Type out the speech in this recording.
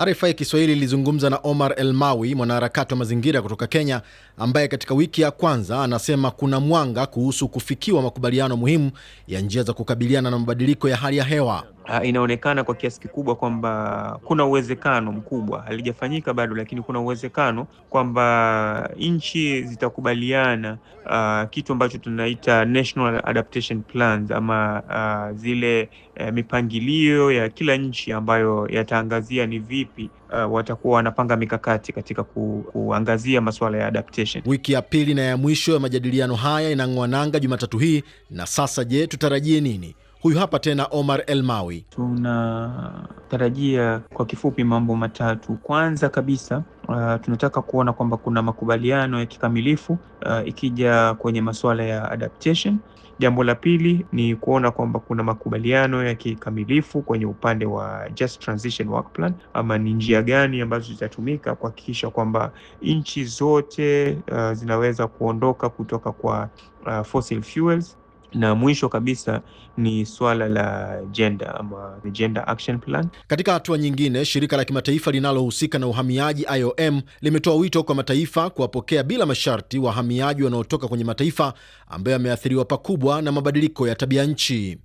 RFI Kiswahili ilizungumza na Omar Elmawi, mwanaharakati wa mazingira kutoka Kenya, ambaye katika wiki ya kwanza anasema kuna mwanga kuhusu kufikiwa makubaliano muhimu ya njia za kukabiliana na mabadiliko ya hali ya hewa uh, inaonekana kwa kiasi kikubwa kwamba kuna uwezekano mkubwa, halijafanyika bado, lakini kuna uwezekano kwamba nchi zitakubaliana uh, kitu ambacho tunaita national adaptation plans ama uh, zile uh, mipangilio ya kila nchi ambayo yataangazia ni vipi uh, watakuwa wanapanga mikakati katika ku, kuangazia masuala ya adaptation. Wiki ya pili na ya mwisho ya majadiliano haya inang'oa nanga Jumatatu hii. Na sasa je, tutarajie nini? Huyu hapa tena Omar Elmawi. Tunatarajia kwa kifupi mambo matatu. Kwanza kabisa Uh, tunataka kuona kwamba kuna makubaliano ya kikamilifu uh, ikija kwenye masuala ya adaptation. Jambo la pili ni kuona kwamba kuna makubaliano ya kikamilifu kwenye upande wa Just Transition Work Plan, ama ni njia gani ambazo zitatumika kuhakikisha kwamba nchi zote uh, zinaweza kuondoka kutoka kwa uh, fossil fuels na mwisho kabisa ni swala la jenda ama Gender Action Plan. Katika hatua nyingine, shirika la kimataifa linalohusika na uhamiaji IOM limetoa wito kwa mataifa kuwapokea bila masharti wahamiaji wanaotoka kwenye mataifa ambayo yameathiriwa pakubwa na mabadiliko ya tabia nchi.